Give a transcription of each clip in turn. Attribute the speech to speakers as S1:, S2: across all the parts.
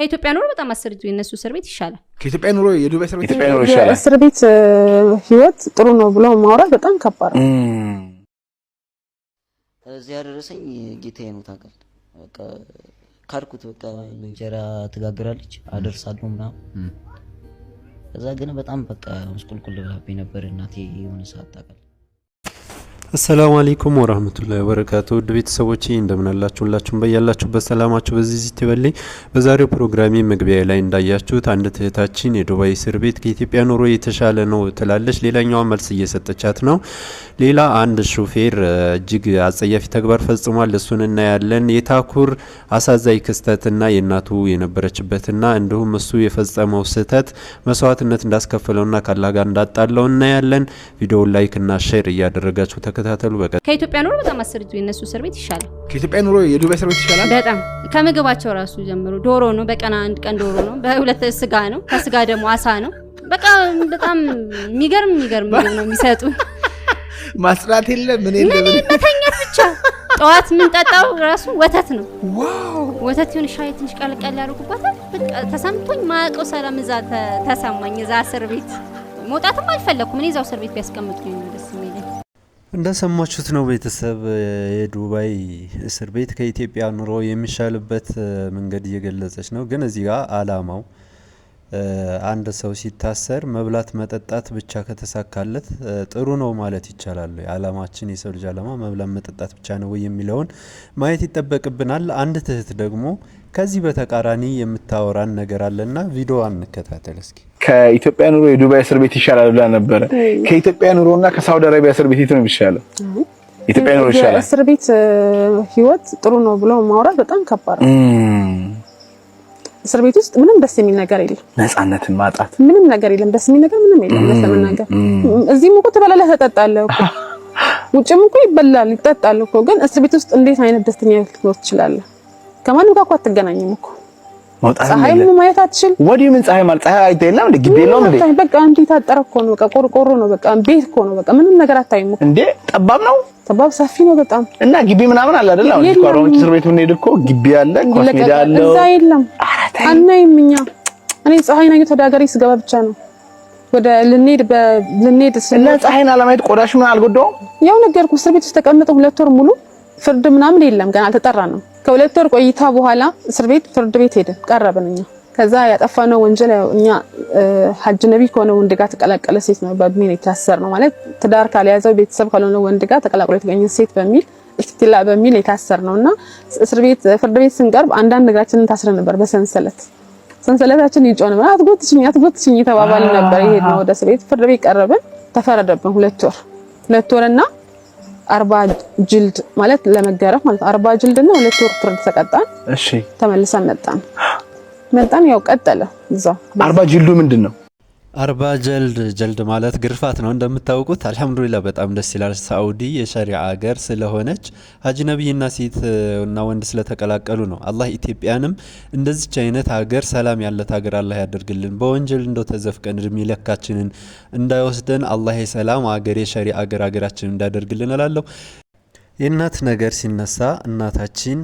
S1: ከኢትዮጵያ ኑሮ በጣም አስር የነሱ እስር ቤት ይሻላል።
S2: ከኢትዮጵያ ኑሮ የዱባይ እስር ቤት ይሻላል።
S3: እስር ቤት ህይወት ጥሩ ነው ብለው ማውራት በጣም ከባድ
S2: ነው።
S4: እዚህ ያደረሰኝ ጌታዬ ነው። ታውቃለህ፣ ካልኩት በቃ እንጀራ ትጋግራለች አደርሳለሁ ምናምን። እዛ ግን በጣም በቃ መስቁልቁል ብላብኝ ነበር እናቴ የሆነ ሰዓት ታውቃለህ
S5: አሰላሙ አለይኩም ወራህመቱላሂ ወበረካቱ ውድ ቤተሰቦቼ እንደምናላችሁ ሁላችሁም በያላችሁበት ሰላማችሁ በዚህ ዚት ይበልኝ። በዛሬው ፕሮግራሜ መግቢያ ላይ እንዳያችሁት አንድ እህታችን የዱባይ እስር ቤት ከኢትዮጵያ ኑሮ የተሻለ ነው ትላለች፣ ሌላኛዋ መልስ እየሰጠቻት ነው። ሌላ አንድ ሹፌር እጅግ አጸያፊ ተግባር ፈጽሟል፣ እሱን እናያለን። የታኩር አሳዛኝ ክስተትና የእናቱ የነበረችበትና እንዲሁም እሱ የፈጸመው ስህተት መስዋዕትነት እንዳስከፈለውና ካላህ ጋር እንዳጣለው እናያለን። ቪዲዮውን ላይክ ሼር እያደረጋችሁ ተከታተሉ። በቀ
S1: ከኢትዮጵያ ኑሮ በጣም አሰርቱ የነሱ እስር ቤት ይሻላል።
S2: ከኢትዮጵያ ኑሮ የዱባይ እስር ቤት ይሻላል
S1: በጣም ከምግባቸው ራሱ ጀምሮ ዶሮ ነው፣ በቀን አንድ ቀን ዶሮ ነው፣ በሁለት ስጋ ነው፣ ከስጋ ደግሞ አሳ ነው። በቃ በጣም የሚገርም የሚገርም ነው የሚሰጡ
S2: ማስራት የለ
S1: ምን መተኛት ብቻ ጠዋት የምንጠጣው ራሱ ወተት ነው። ወተት የሆነ ሻይ ትንሽ ቀልቀል ያደርጉባታል። ተሰምቶኝ ማያውቀው ሰላም እዛ ተሰማኝ። እዛ እስር ቤት መውጣትም አልፈለኩም። እኔ እዛው እስር ቤት ቢያስቀምጡኝ ደስ
S5: እንደሰማችሁት ነው ቤተሰብ የዱባይ እስር ቤት ከኢትዮጵያ ኑሮ የሚሻልበት መንገድ እየገለጸች ነው። ግን እዚህ ጋር አላማው አንድ ሰው ሲታሰር መብላት መጠጣት ብቻ ከተሳካለት ጥሩ ነው ማለት ይቻላል። አላማችን የሰው ልጅ አላማ መብላት መጠጣት ብቻ ነው ወይ የሚለውን ማየት ይጠበቅብናል። አንድ ትህት ደግሞ ከዚህ በተቃራኒ የምታወራን ነገር አለና ቪዲዮ አንከታተል እስኪ
S2: ከኢትዮጵያ ኑሮ የዱባይ እስር ቤት ይሻላል ብላ ነበረ። ከኢትዮጵያ ኑሮና ከሳውዲ አረቢያ እስር ቤት የት ነው የሚሻለው?
S3: ኢትዮጵያ ኑሮ ይሻላል። እስር ቤት ህይወት ጥሩ ነው ብሎ ማውራት በጣም ከባድ ነው። እስር ቤት ውስጥ ምንም ደስ የሚል ነገር የለም።
S2: ነፃነትን ማጣት
S3: ምንም ነገር የለም። ደስ የሚል ነገር ምንም የለም። ለመናገር እዚህም እኮ ትበላለህ፣ ትጠጣለህ እኮ ውጭም እኮ ይበላል ይጠጣል እኮ። ግን እስር ቤት ውስጥ እንዴት አይነት ደስተኛ ልትኖር ትችላለህ? ከማንም ጋር እኮ አትገናኝም እኮ
S2: መውጣት ማየት አትችል። ወዲህ ምን ፀሐይ ማለት ፀሐይ አይደለም እንዴ? ግዴ ነው
S3: እንዴ? በቃ እንዴ ታጠረ እኮ ነው። በቃ ቆርቆሮ ነው። በቃ ቤት እኮ ነው። በቃ ምንም ነገር አታይም
S2: እንዴ? ጠባብ ነው።
S3: ጠባብ ሰፊ ነው በጣም
S2: እና ግቢ ምናምን አለ አይደል? አሁን ቆሮም እስር ቤት ምን እኮ ግቢ አለ ኳስ ሜዳ አለ። እዛ የለም
S3: አናይም። እኛ እኔ ፀሐይን አየሁት ወደ ሀገሬ ስገባ ብቻ ነው ወደ ልንሄድ በልንሄድ
S2: እና ፀሐይን አለማየት ቆዳሽ ምን አልጎዳውም?
S3: ያው ነገርኩ። እስር ቤት ውስጥ ተቀምጠው ሁለት ወር ሙሉ ፍርድ ምናምን የለም ገና አልተጠራንም። ከሁለት ወር ቆይታ በኋላ እስር ቤት ፍርድ ቤት ሄድን ቀረብን። እኛ ከዛ ያጠፋነው ወንጀል እኛ ሀጅ ነቢ ከሆነ ወንድ ጋር ተቀላቀለ ሴት ነው በሚል በእድሜ ነው የታሰርነው ማለት ትዳር ካልያዘው ቤተሰብ ካልሆነ ወንድ ጋር ተቀላቅሎ የተገኘ ሴት በሚል እስቲላ በሚል የታሰርነው እና እስር ቤት ፍርድ ቤት ስንቀርብ አንዳንድ እግራችንን ታስረን ነበር በሰንሰለት ሰንሰለታችን ይጮህ ነበር። አትጎትሽኝ አትጎትሽኝ ተባባልን ነበር። ይሄድ ነው ወደ እስር ቤት ፍርድ ቤት ቀረብን። ተፈረደብን ሁለት ወር ሁለት ወርና አርባ ጅልድ ማለት ለመገረፍ ማለት አርባ ጅልድ እና ሁለት ወር ፍርድ ተቀጣን። እሺ ተመልሰን መጣን መጣን ያው ቀጠለ እዛው አርባ ጅልዱ ምንድን ነው? አርባ ጀልድ ጀልድ ማለት ግርፋት ነው እንደምታውቁት። አልሐምዱሊላ በጣም ደስ ይላል። ሳዑዲ የሸሪዓ አገር ስለሆነች ሀጅ ነቢይና ሴት እና ወንድ ስለተቀላቀሉ ነው። አላህ ኢትዮጵያንም እንደዚች አይነት ሀገር ሰላም ያለት ሀገር አላህ ያደርግልን። በወንጀል እንደው ተዘፍቀን እድሜ ለካችንን እንዳይወስደን አላህ የሰላም ሀገር የሸሪዓ ሀገር ሀገራችን እንዳደርግልን እላለሁ። የእናት ነገር ሲነሳ እናታችን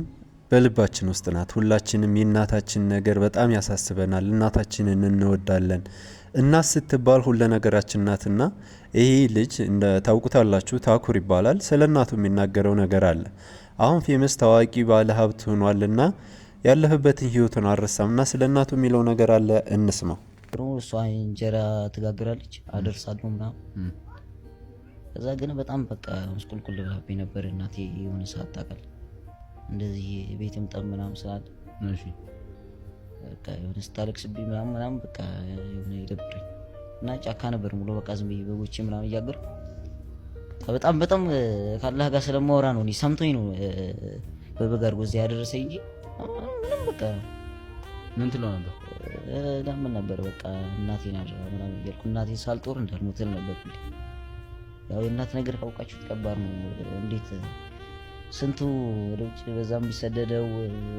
S3: በልባችን ውስጥ ናት። ሁላችንም የእናታችን ነገር በጣም ያሳስበናል። እናታችንን እንወዳለን። እናት ስትባል ሁለ ነገራችን ናትና ይሄ ልጅ እንደ ታውቁታላችሁ ታኩር ይባላል። ስለ እናቱ የሚናገረው ነገር አለ። አሁን ፌመስ ታዋቂ ባለ ሀብት ሆኗልና ያለፈበትን ህይወቱን አልረሳምና ስለ እናቱ የሚለው ነገር አለ። እንስማው። እሷ እንጀራ ትጋግራለች አደርሳለሁ ምናምን ከዛ ግን በጣም በቃ ምስቁልቁል ብላብኝ ነበር እናቴ የሆነ ሰዓት ታውቃለህ እንደዚህ ቤትም ጠብ ምናምን ስላለ የሆነ ስታለቅስብኝ ምናምን ምናምን በቃ የሆነ ይደብረኝ እና ጫካ ነበር ሙሉ በቃ ዝም ብዬ በጎቼ ምናምን እያገር በጣም በጣም ካላህ ጋር ስለማወራ ነው። እኔ ሰምቶኝ ነው በበግ አድርጎ እዚያ ያደረሰኝ እንጂ ምንም በቃ ምን ትለው ነበር ዳምን ነበር በቃ እናቴ አድራ ምናምን እያልኩ እናቴ ሳልጦር እንዳልሞትል ነበር። ያው የእናት ነገር ካውቃችሁ ከባድ ነው እንዴት ስንቱ ወደ ውጭ በዛም ቢሰደደው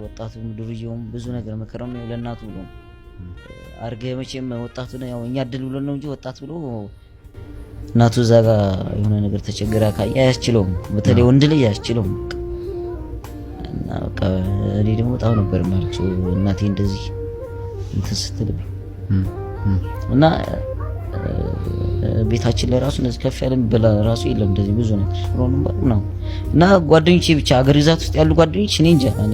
S3: ወጣቱ ድርጅውም ብዙ ነገር መከረም ለእናቱ ብሎ አርገ መቼም ወጣቱ ያው እኛ እድል ብሎ ነው እንጂ ወጣት ብሎ እናቱ እዛ ጋ የሆነ ነገር ተቸገረ ካየ አያስችለውም። በተለይ ወንድ ልጅ አያስችለውም። እና በቃ እኔ ደግሞ በጣም ነበር ማለት እናቴ እንደዚህ እንትን ስትልብኝ እና ቤታችን ላይ ራሱ እንደዚህ ከፍ ያለ ብላ ራሱ የለም። እንደዚህ ብዙ ነው ነገር ነው እና ጓደኞች ብቻ አገር ግዛት ውስጥ ያሉ ጓደኞች እኔ እንጃ እኔ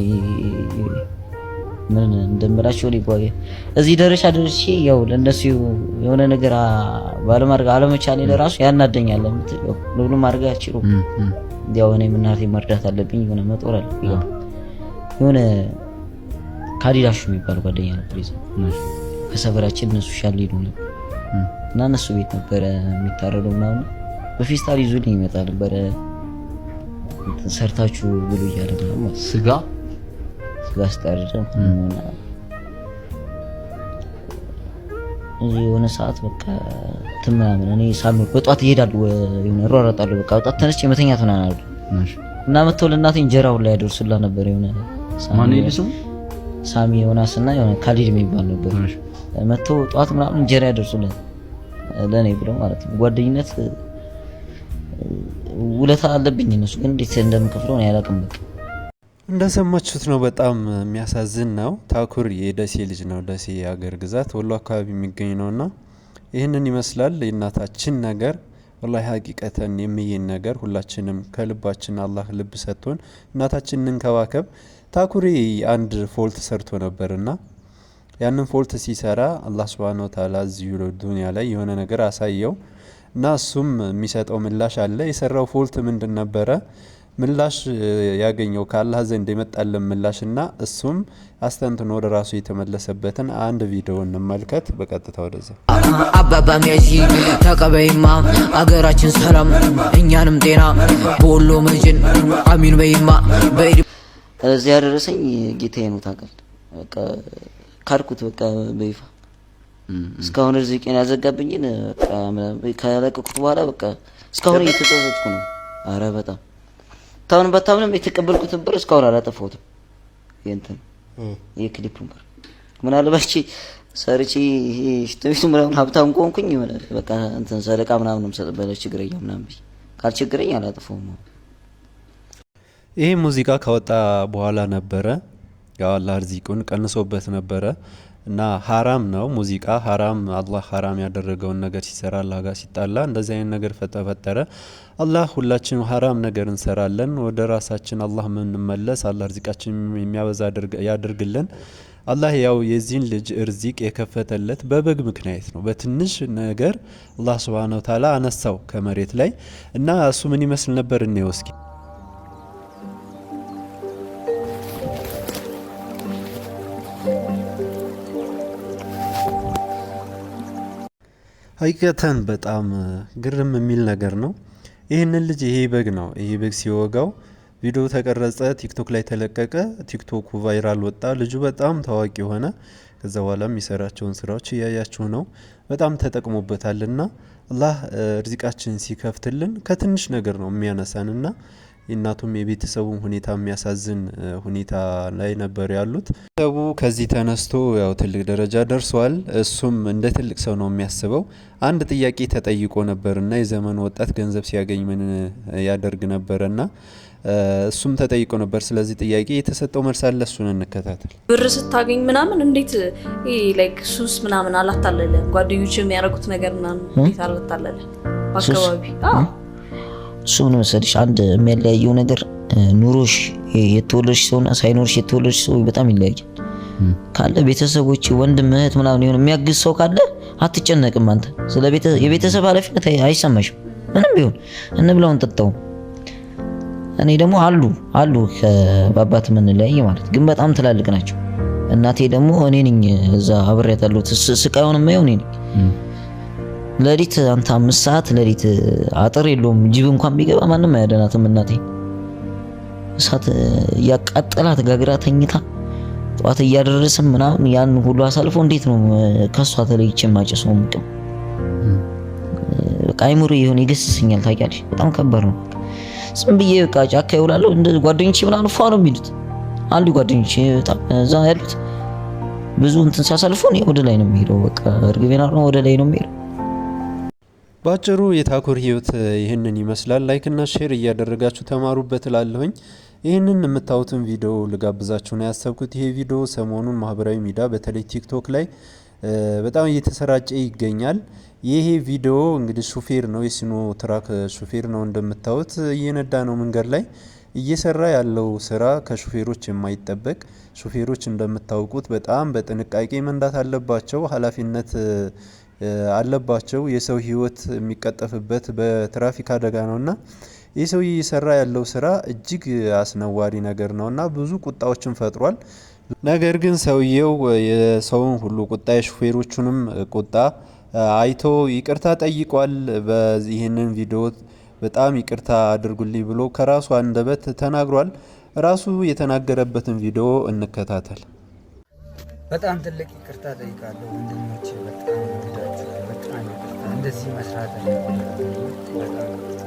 S3: ምን እንደምላቸው ሊጓየ እዚህ ደረሻ ደርሼ ያው ለእነሱ የሆነ ነገር ባለማድረግ አለመቻሌ ለራሱ ያናደኛል። ለሁሉ ማድረግ አልችልም። ያው እኔም እናቴ መርዳት አለብኝ፣ የሆነ መጦር አለ የሆነ ካዲዳሹ የሚባል ጓደኛ ነበር ከሰፈራችን እነሱ ሻል ሄዱ ነበር እና እነሱ ቤት ነበረ የሚታረደው ምናምን በፌስታል ይዞልኝ ይመጣ ነበረ። ሰርታችሁ ብሎ እያለ ስጋ ስጋ ስጠርደ የሆነ ሰዓት በቃ እንትን ምናምን እኔ ሳልኖር በጠዋት ይሄዳሉ የሆነ እሯሯጣለሁ በቃ በጠዋት ተነስቼ መተኛት ምናምን አሉ እና መተው ለእናቴ እንጀራው ላይ ያደርሱላ ነበር። የሆነ ሳሚ ዮናስ እና የሆነ ካሊድ የሚባል ነበር መጥቶ ጠዋት ምናምን እንጀራ ያደርሱልን ለእኔ ብለው ማለት ነው። ጓደኝነት ውለታ አለብኝ። እነሱ ግን እንዴት እንደምከፍለው ነው ያላቅም። በቃ እንደሰማችሁት ነው። በጣም የሚያሳዝን ነው። ታኩር የደሴ ልጅ ነው። ደሴ የሀገር ግዛት ወሎ አካባቢ የሚገኝ ነው እና ይህንን ይመስላል የእናታችን ነገር ወላሂ ሀቂቀተን የሚይን ነገር ሁላችንም ከልባችን አላህ ልብ ሰጥቶን እናታችን እንንከባከብ። ታኩሪ አንድ ፎልት ሰርቶ ነበርና ያንን ፎልት ሲሰራ አላህ ስብሃነ ወተዓላ እዚሁ ዱኒያ ላይ የሆነ ነገር አሳየው እና እሱም የሚሰጠው ምላሽ አለ። የሰራው ፎልት ምንድን ነበረ? ምላሽ ያገኘው ከአላህ ዘንድ የመጣለን ምላሽ እና እሱም አስተንትኖ ወደ ራሱ የተመለሰበትን አንድ ቪዲዮ እንመልከት። በቀጥታ ወደዛ አባባ ሚያዚ ተቀበይማ አገራችን ሰላም እኛንም ጤና በወሎ መጅን አሚን በይማ በእዚህ ደረሰኝ ጌታ ነው ታቀል ካድኩት በቃ በይፋ እስካሁን እዚህ ቄን ያዘጋብኝን ከለቀቁት በኋላ በቃ እስካሁን እየተጸጸትኩ ነው። አረ በጣም ታሁን በታምንም የተቀበልኩትን ብር እስካሁን አላጠፋሁትም። ይንትን የክሊፑን ብር ምናልባች ሰርቼ ይሄ ቤቱ ምናምን ሀብታም ከሆንኩኝ ሆነ በቃ እንትን ሰደቃ ምናምን ምሰጥበለ ችግረኛ ምናምን ካልችግረኝ አላጥፈውም። ይሄ ሙዚቃ ከወጣ በኋላ ነበረ ያው አላህ ርዚቁን ቀንሶበት ነበረ እና ሀራም ነው ሙዚቃ ሀራም አላህ ሀራም ያደረገውን ነገር ሲሰራ አላህ ጋር ሲጣላ እንደዚህ አይነት ነገር ተፈጠረ። አላህ ሁላችን ሀራም ነገር እንሰራለን፣ ወደ ራሳችን አላህ ምንመለስ አላህ ርዚቃችን የሚያበዛ ያደርግልን። አላህ ያው የዚህን ልጅ እርዚቅ የከፈተለት በበግ ምክንያት ነው። በትንሽ ነገር አላህ ስብሃነ ወተዓላ አነሳው ከመሬት ላይ እና እሱ ምን ይመስል ነበር እንየው ሀቂቀተን በጣም ግርም የሚል ነገር ነው። ይህንን ልጅ ይሄ በግ ነው ይሄ በግ ሲወጋው ቪዲዮ ተቀረጸ፣ ቲክቶክ ላይ ተለቀቀ። ቲክቶኩ ቫይራል ወጣ፣ ልጁ በጣም ታዋቂ ሆነ። ከዛ በኋላ የሚሰራቸውን ስራዎች እያያችሁ ነው። በጣም ተጠቅሞበታልና አላህ ርዚቃችን ሲከፍትልን ከትንሽ ነገር ነው የሚያነሳንና የእናቱም የቤተሰቡም ሁኔታ የሚያሳዝን ሁኔታ ላይ ነበር ያሉት። ቤተሰቡ ከዚህ ተነስቶ ያው ትልቅ ደረጃ ደርሷል። እሱም እንደ ትልቅ ሰው ነው የሚያስበው። አንድ ጥያቄ ተጠይቆ እና የዘመኑ ወጣት ገንዘብ ሲያገኝ ምን ያደርግ ነበረና እሱም ተጠይቆ ነበር። ስለዚህ ጥያቄ የተሰጠው መልስ አለ፣ እሱን እንከታተል። ብር ስታገኝ ምናምን እንዴት ላይክ ሱስ ምናምን አላታለለ ጓደኞች የሚያደርጉት ነገር ምናምን እንዴት አላታለለ አካባቢ እሱን መሰለሽ አንድ የሚያለያየው ነገር ኑሮሽ የተወለድሽ ሰውና ሳይኖርሽ የተወለድሽ ሰው በጣም ይለያያል። ካለ ቤተሰቦች ወንድም እህት ምናምን የሆነ የሚያግዝ ሰው ካለ አትጨነቅም አንተ ስለ የቤተሰብ ኃላፊነት አይሰማሽም። ምንም ቢሆን ብለውን ጠጣውን። እኔ ደግሞ አሉ አሉ ከአባት የምንለያይ ማለት ግን በጣም ትላልቅ ናቸው። እናቴ ደግሞ እኔ ነኝ እዛ አብሬያት ያለሁት ስቃዩን የማየው እኔ ነኝ። ለሊት አንተ አምስት ሰዓት ለሊት አጥር የለውም ጅብ እንኳን ቢገባ ማንም አያደናትም። እናቴ እሳት እያቃጠላት ጋግራ ተኝታ ጠዋት እያደረስም ምናምን ያን ሁሉ አሳልፎ እንዴት ነው ከሷ ተለይቼ የማጨሰው? ምቅም በቃ አይምሮ የሆነ ይገስሰኛል። ታውቂያለሽ፣ በጣም ከባድ ነው። ዝም ብዬ በቃ ጫካ ይውላለሁ። እንደ ጓደኞቼ ምናምን ፏ ነው የሚሉት። አንዱ ጓደኞቼ በጣም እዛ ያሉት ብዙ እንትን ሲያሳልፉ ወደ ላይ ነው የሚሄደው። በቃ እርግቤና ወደ ላይ ነው የሚሄደው በአጭሩ የታኩር ህይወት ይህንን ይመስላል። ላይክና ሼር እያደረጋችሁ ተማሩበት እላለሁኝ። ይህንን የምታዩትን ቪዲዮ ልጋብዛችሁ ነው ያሰብኩት። ይሄ ቪዲዮ ሰሞኑን ማህበራዊ ሚዲያ በተለይ ቲክቶክ ላይ በጣም እየተሰራጨ ይገኛል። ይሄ ቪዲዮ እንግዲህ ሹፌር ነው፣ የሲኖ ትራክ ሹፌር ነው። እንደምታዩት እየነዳ ነው መንገድ ላይ እየሰራ ያለው ስራ ከሹፌሮች የማይጠበቅ ሹፌሮች እንደምታውቁት በጣም በጥንቃቄ መንዳት አለባቸው ኃላፊነት አለባቸው። የሰው ህይወት የሚቀጠፍበት በትራፊክ አደጋ ነው እና ይህ ሰው እየሰራ ያለው ስራ እጅግ አስነዋሪ ነገር ነው እና ብዙ ቁጣዎችን ፈጥሯል። ነገር ግን ሰውየው የሰውን ሁሉ ቁጣ የሹፌሮቹንም ቁጣ አይቶ ይቅርታ ጠይቋል። ይህንን ቪዲዮ በጣም ይቅርታ አድርጉልኝ ብሎ ከራሱ አንደበት ተናግሯል። ራሱ የተናገረበትን ቪዲዮ እንከታተል። በጣም ትልቅ ይቅርታ ጠይቃለሁ ወንድሞቼ በጣም እንደዚህ መስራት